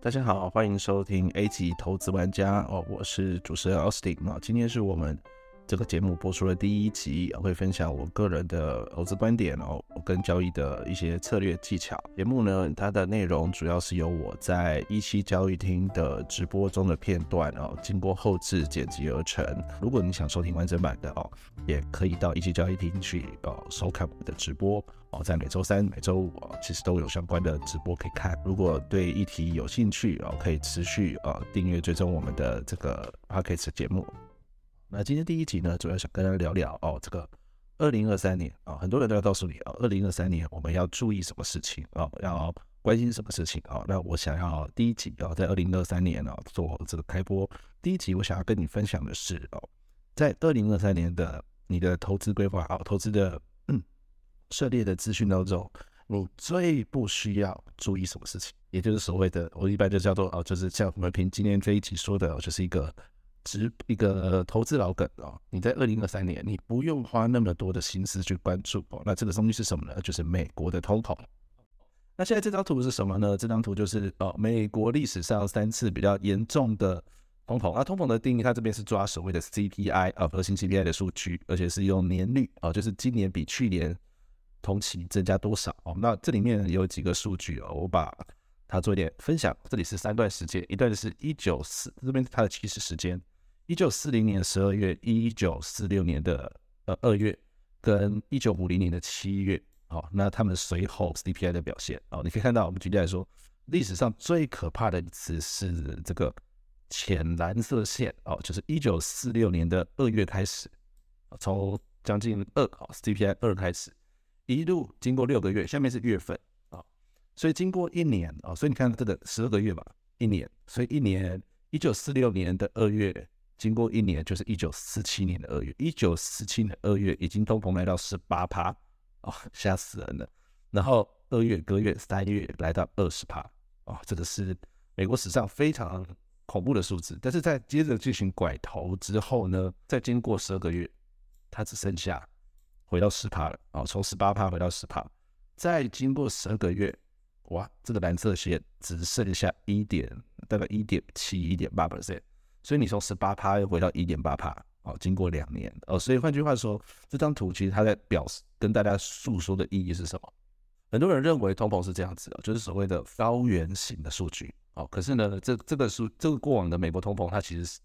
大家好，歡迎收聽 A 級投資玩家哦，我是主持人 Austin 啊，今天是我們。這個節目播出的第一集，會分享我個人的投資、哦、觀點哦，跟交易的一些策略技巧。節目呢，它的內容主要是由我在一期交易廳的直播中的片段哦，經過後製剪輯而成。如果你想收聽完整版的哦，也可以到一期交易廳去、哦、收看我們的直播哦，在每周三、每周五、哦、其實都有相關的直播可以看。如果對議題有興趣哦，可以持續啊、哦、訂閱追蹤我們的這個 podcast 節目。那今天第一集呢，主要想跟大家聊聊哦，這個二零二三年啊、哦，很多人都要告訴你啊，二零二三年我們要注意什麼事情啊，要、哦、關心什麼事情啊、哦。那我想要第一集啊、哦，在二零二三年啊、哦、做這個開播第一集，我想要跟你分享的是哦，在二零二三年的你的投資規劃啊、投資的、嗯、涉獵的資訊當中，你最不需要注意什麼事情，也就是所謂的我一般就叫做哦，就是像我們憑今天這一集說的，就是一個。是一個投資老梗哦，你在二零二三年，你不用花那麼多的心思去關注哦。那這個東西是什麼呢？就是美國的通膨。那現在這張圖是什麼呢？這張圖就是呃，美國歷史上三次比較嚴重的通膨。那通膨的定義，它這邊是抓所謂的 CPI 啊，核心 CPI 的數據，而且是用年率啊，就是今年比去年同期增加多少哦。那這裡面有幾個數據哦，我把它做一點分享。這裡是三段時間，一段是一九四，這邊是它的起始時間。一九四零年十二月，一九四六年的呃二月，跟一九五零年的七月，哦，那他們隨後 CPI 的表現，哦，你可以看到，我們舉例來說，歷史上最可怕的一次是這個淺藍色線，哦，就是一九四六年的二月開始，從、哦、將近二、哦，哦，CPI 二開始，一路經過六個月，下面是月份，啊、哦，所以經過一年，啊、哦，所以你看這個十二個月吧，一年，所以一年，一九四六年的二月。經過一年，就是一九四七年的二月。一九四七年二月已經通膨來到十八趴，哦，嚇死人了。然後二月、三月、三月來到二十趴，哦，這個是美國史上非常恐怖的數字。但是在接着進行拐頭之後呢，再經過十二個月，它只剩下回到十趴了。哦，從十八趴回到十趴。再經過十二個月，哇，這個藍色線只剩下一點，大概一點七、一點八 percent。所以你從十八趴又回到一點八趴哦，經過兩年，哦，所以換句話說，這張圖其實它在表示跟大家訴說的意義是什麼？很多人認為通膨是這樣子的，就是所謂的高原型的數據，哦，可是呢，這這個數、這個、這個過往的美國通膨，它其實是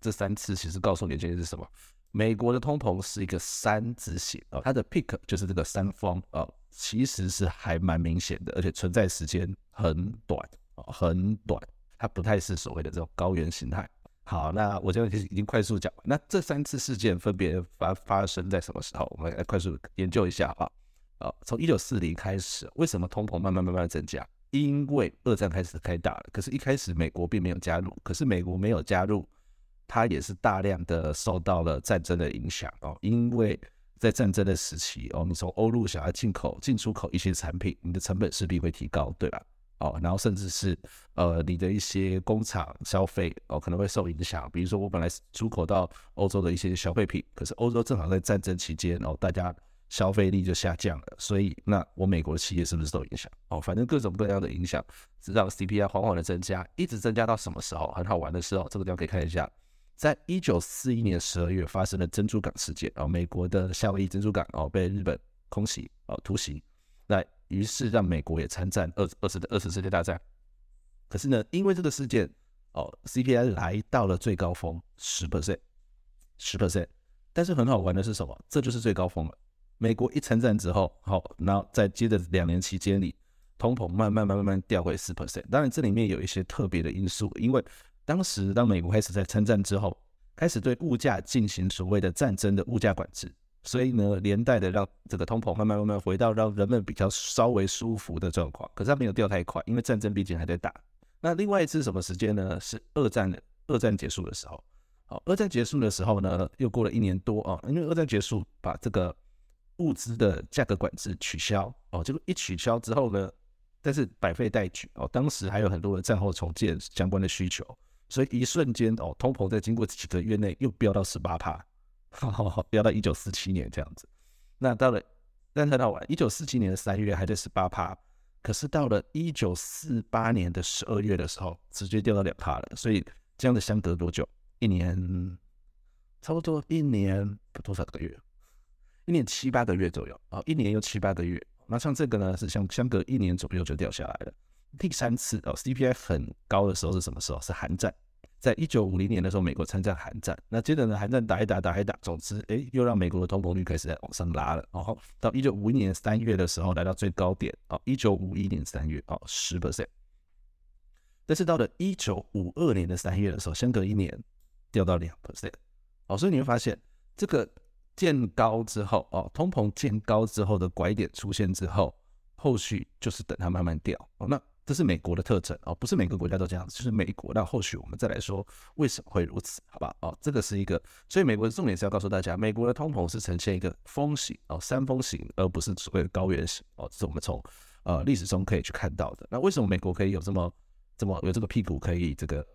這三次其實告訴你，究竟是什麼？美國的通膨是一個山字形啊，它的 peak 就是這個山峰，呃、哦，其實是還蠻明顯的，而且存在時間很短啊、哦，很短，它不太是所謂的這種高原形態。好，那我現在其實已經快速講完。那這三次事件分別發發生在什麼時候？我們來快速研究一下哈。好，從一九四零開始，為什麼通膨慢慢慢慢增加？因為二戰開始開打了。可是，一開始美國並沒有加入。可是，美國沒有加入，它也是大量的受到了戰爭的影響哦。因為在戰爭的時期哦，你從歐陸想要進口、進出口一些產品，你的成本勢必會提高，對吧？哦，然後甚至是呃，你的一些工廠消費哦，可能會受影響。比如說，我本來出口到歐洲的一些消費品，可是歐洲正好在戰爭期間，哦，大家消費力就下降了，所以那我美國企業是不是受影響？哦，反正各種各樣的影響，直到 CPI 緩緩的增加，一直增加到什麼時候？很好玩的時候，這個地方可以看一下，在一九四一年十二月發生了珍珠港事件哦，美國的夏威夷珍珠港哦被日本空襲哦突襲，那。於是讓美國也參戰二十二十的二十世界大戰，可是呢，因為這個事件哦，CPI 來到了最高峰十 percent，十 percent。但是很好玩的是什麼？這就是最高峰了。美國一參戰之後，好、哦，然後在接着兩年期間裡，通膨慢慢慢慢慢掉回四 percent。當然這裡面有一些特別的因素，因為當時當美國開始在參戰之後，開始對物價進行所謂的戰爭的物價管制。所以呢，連帶的讓這個通膨慢慢慢慢回到讓人們比較稍微舒服的狀況。可是它沒有掉太快，因為戰爭畢竟還在打。那另外一次什麼時間呢？是二戰，二戰結束的時候。好、哦，二戰結束的時候呢，又過了一年多啊、哦，因為二戰結束，把這個物資的價格管制取消哦。結果一取消之後呢，但是百廢待舉哦，當時還有很多的戰後重建相關的需求，所以一瞬間哦，通膨在經過幾個月內又飆到十八趴。哦，要到一九四七年這樣子，那到了但是到晚一九四七年的三月還在十八趴，可是到了一九四八年的十二月的時候，直接掉到兩趴了。所以這樣的相隔多久？一年，差不多一年多少個月？一年七八個月左右啊，一年又七八個月。那像這個呢，是相相隔一年左右就掉下來了。第三次哦，CPI 很高的時候是什麼時候？是韓戰。在一九五零年的時候，美國參加韓戰，那接着呢，韓戰打一打打一打，總之，哎、欸，又讓美國的通膨率開始在往、哦、上拉了。然、哦、後到一九五一年三月的時候，來到最高點，哦，一九五一年三月，哦，十 percent。但是到了一九五二年的三月的時候，相隔一年，掉到兩 percent。哦，所以你會發現，這個見高之後，哦，通膨見高之後的拐點出現之後，後續就是等它慢慢掉。哦，那。這是美國的特徵啊，不是每個國家都這樣子，就是美國。那後續我們再來說為什麼會如此，好吧？哦，這個是一個，所以美國的重點是要告訴大家，美國的通膨是呈現一個峰型，哦，三峰型，而不是所謂的高原型哦。這是我們從呃歷史中可以去看到的。那為什麼美國可以有這麼這麼有這個屁股可以這個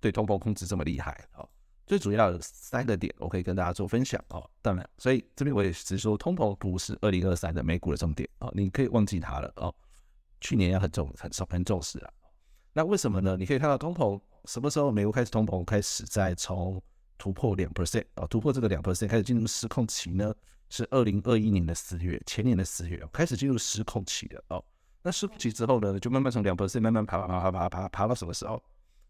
對通膨控制這麼厲害？哦，最主要有三個點，我可以跟大家做分享哦。當然，所以這邊我也只是說，通膨不是二零二三的美股的重點哦，你可以忘記它了哦。去年也很重、很重、很重視了、啊。那為什麼呢？你可以看到通膨什麼時候，美國開始通膨，開始在從突破兩 percent 哦，突破這個兩 percent 開始進入失控期呢？是二零二一年的四月，前年的四月開始進入失控期的哦。那失控期之後呢，就慢慢從兩 percent 慢慢爬,爬、爬,爬,爬,爬、爬、爬、爬、爬到什麼時候？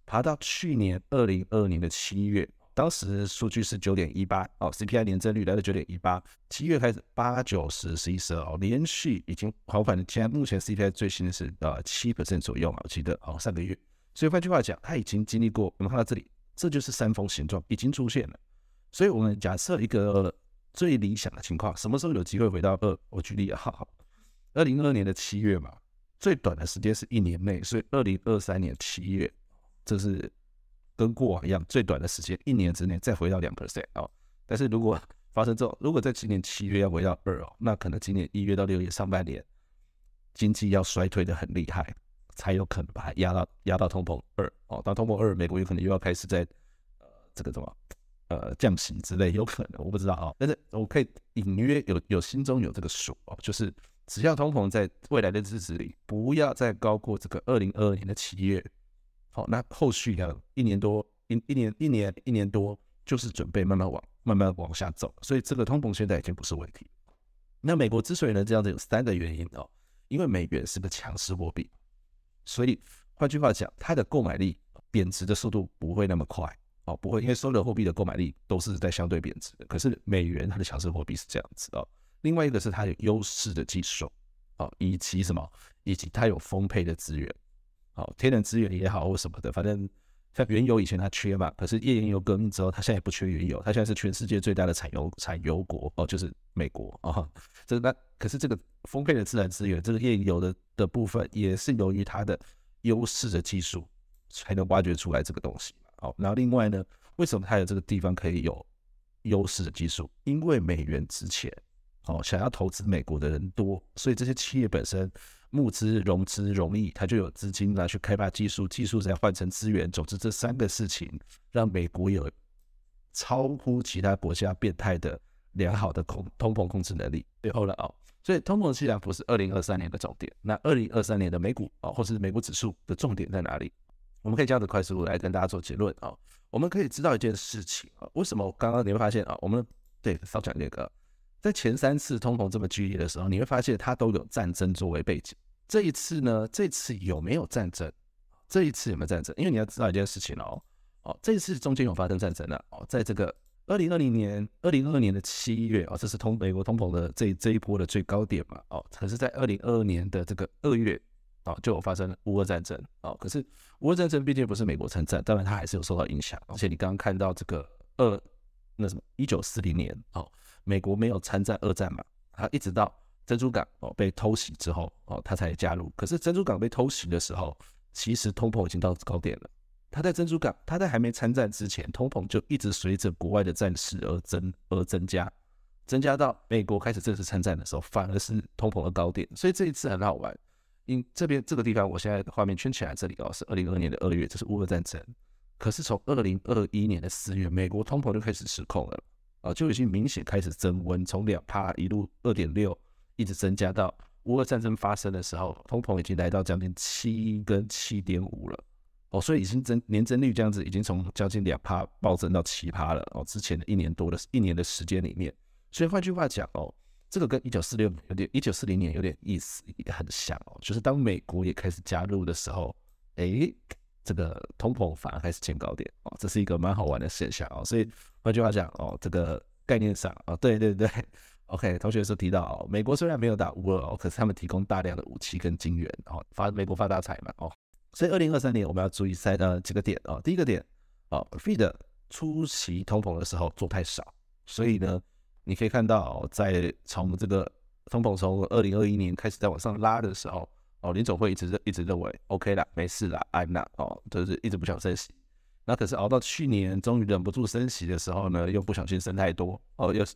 爬到去年二零二二年的七月。當時數據是九點一八哦，CPI 年增率來到九點一八，七月開始八九十十一十二哦，連續已經好，反正現在目前 CPI 最新的是呃七%左右嘛，我記得哦上個月，所以換句話講，它已經經歷過我們看到這裡，這就是山峰形狀已經出現了，所以我們假設一個最理想的情況，什麼時候有機會回到二？我舉例啊，二零二二年的七月嘛，最短的時間是一年內，所以二零二三年七月，這是。跟過往一樣，最短的時間一年之內再回到兩 percent 啊。哦、但是如果發生這種，如果在今年七月要回到二哦，那可能今年一月到六月上半年經濟要衰退的很厲害，才有可能把它壓到壓到通膨二哦。到通膨二，美國有可能又要開始在呃這個什麼呃降息之類，有可能我不知道啊、哦，但是我可以隱約有有心中有這個數哦，就是只要通膨在未來的日子裡不要再高過這個二零二二年的七月。那後續的一年多一一年一年一年，一年多就是準備慢慢往慢慢往下走，所以這個通膨現在已經不是問題。那美國之所以能這樣子，有三個原因哦，因為美元是個強勢貨幣，所以換句話講，它的購買力貶值的速度不會那麼快哦，不會，因為所有貨幣的購買力都是在相對貶值的，可是美元它的強勢貨幣是這樣子哦。另外一個是它有優勢的技術啊，以及什麼，以及它有豐沛的資源。好，天然資源也好或什麼的，反正像原油以前它缺嘛，可是頁岩油革命之後，它現在也不缺原油，它現在是全世界最大的產油產油國哦，就是美國啊。這、哦、那可是這個豐沛的自然資源，這個頁岩油的的部分，也是由於它的優勢的技術才能挖掘出來這個東西。好、哦，然後另外呢，為什麼它有這個地方可以有優勢的技術？因為美元值錢。哦，想要投資美國的人多，所以這些企業本身募資融資容易，它就有資金拿去開發技術，技術再換成資源，總之這三個事情讓美國有超乎其他國家變態的良好的控通膨控制能力。最後了啊、哦，所以通膨雖然不是二零二三年的重點，那二零二三年的美股啊、哦，或是美股指數的重點在哪裡？我們可以這樣子快速來跟大家做結論啊、哦，我們可以知道一件事情啊、哦，為什麼剛剛你會發現啊、哦，我們對少講這個。在前三次通膨這麼劇烈的時候，你會發現它都有戰爭作為背景。這一次呢，這次有沒有戰爭？這一次有沒有戰爭？因為你要知道一件事情哦，哦，這一次中間有發生戰爭了哦，在這個二零二零年、二零二二年的七月哦，這是通美國通膨的這這一波的最高點嘛哦，可是，在二零二二年的這個二月哦，就有發生烏俄戰爭哦。可是烏俄戰爭畢竟不是美國參戰，當然它還是有受到影響，而且你剛剛看到這個二，那什麼一九四零年哦。美國沒有參戰二戰嘛？他一直到珍珠港哦、喔、被偷襲之後哦，他、喔、才加入。可是珍珠港被偷襲的時候，其實通膨已經到高點了。他在珍珠港，他在還沒參戰之前，通膨就一直隨着國外的戰事而增而增加，增加到美國開始正式參戰的時候，反而是通膨的高點。所以這一次很好玩，因這邊這個地方，我現在的畫面圈起來這裡哦、喔，是二零二二年的二月，這是烏俄戰爭。可是從二零二一年的四月，美國通膨就開始失控了。啊、哦，就已經明顯開始增溫，從兩趴一路二點六，一直增加到烏俄戰爭發生的時候，通膨已經來到將近七跟七點五了。哦，所以已經增年增率這樣子，已經從將近兩趴暴增到七趴了。哦，之前的一年多的一年的時間裡面，所以換句話講，哦，這個跟一九四六年有點，一九四零年有點意思，也很像哦，就是當美國也開始加入的時候，哎、欸。這個通膨反而開始見高點哦，這是一個蠻好玩的現象哦。所以換句話講哦，這個概念上啊，對對對，OK，同學就提到哦，美國雖然沒有打烏俄哦，可是他們提供大量的武器跟金援哦，發美國發大財嘛哦。所以二零二三年我們要注意三呃幾個點哦，第一個點哦 Fed 初期通膨的時候做太少，所以呢，你可以看到在從這個通膨從二零二一年開始在往上拉的時候，哦，林總會一直認一直認為 OK 啦，沒事啦，安啦哦，就是一直不想升息。那可是熬、哦、到去年，終於忍不住升息的時候呢，又不小心升太多哦，又是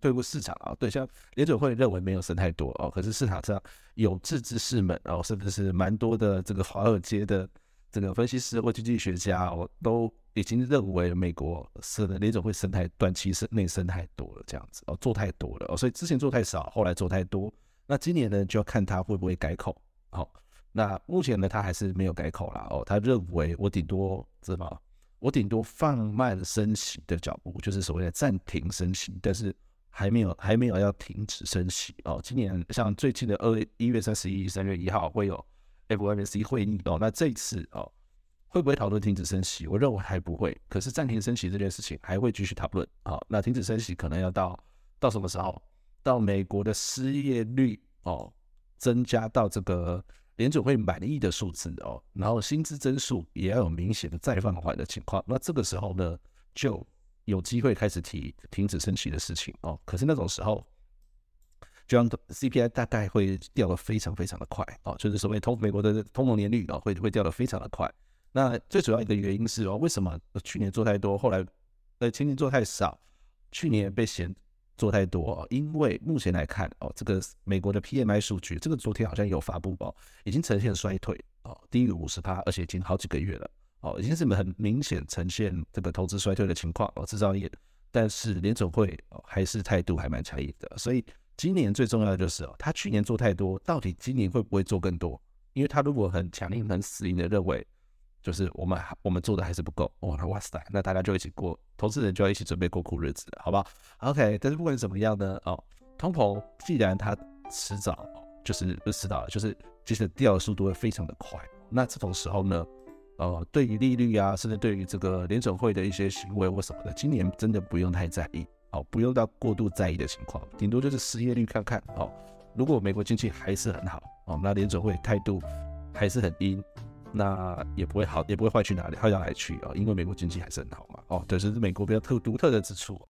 對付市場啊、哦。對，像林總會認為沒有升太多哦，可是市場上有志之士們哦，甚至是蠻多的這個華爾街的這個分析師或經濟學家哦，都已經認為美國是的林總會升太短期升內升太多了這樣子哦，做太多了哦，所以之前做太少，後來做太多。那今年呢，就要看他會不會改口。好、哦，那目前呢，他還是沒有改口啦。哦，他認為我頂多怎麼？我頂多放慢升息的腳步，就是所謂的暫停升息，但是還沒有還沒有要停止升息哦。今年像最近的二月一月三十一、三月一號會有 FOMC 會議哦，那這一次哦會不會討論停止升息？我認為還不會，可是暫停升息這件事情還會繼續討論。好、哦，那停止升息可能要到到什麼時候？到美國的失業率哦。增加到這個聯準會滿意的數字哦，然後薪資增速也要有明顯的再放緩的情況，那這個時候呢，就有機會開始提停止升息的事情哦。可是那種時候，就像 CPI 大概會掉的非常非常的快哦，就是所謂通美國的通膨年率哦，會會掉的非常的快。那最主要一個原因是哦，為什麼去年做太多，後來呃前年做太少，去年被嫌，做太多，因為目前來看，哦，這個美國的 PMI 數據，這個昨天好像有發布哦，已經呈現衰退哦，低於五十趴，而且已經好幾個月了哦，已經是很明顯呈現這個投資衰退的情況哦，制造業。但是聯準會還是態度還蠻強硬的，所以今年最重要的就是哦，他去年做太多，到底今年會不會做更多？因為他如果很強硬、很死硬的認為。就是我們我們做的還是不夠，哦、那哇塞，那大家就一起過，投資人就要一起準備過苦日子了，好不好？OK，但是不管怎麼樣呢，哦，通膨既然它遲早就是，是遲早，就是其實、就是、掉的速度會非常的快，那這種時候呢，呃、哦，對於利率啊，甚至對於這個聯準會的一些行為或什麼的，今年真的不用太在意，哦，不用到過度在意的情況，頂多就是失業率看看，哦，如果美國經濟還是很好，哦，那聯準會態度還是很鷹那也不會好，也不會壞去哪裡，壞到哪裡去啊？因為美國經濟還是很好嘛。哦，對，這是美國比較特獨特的之處。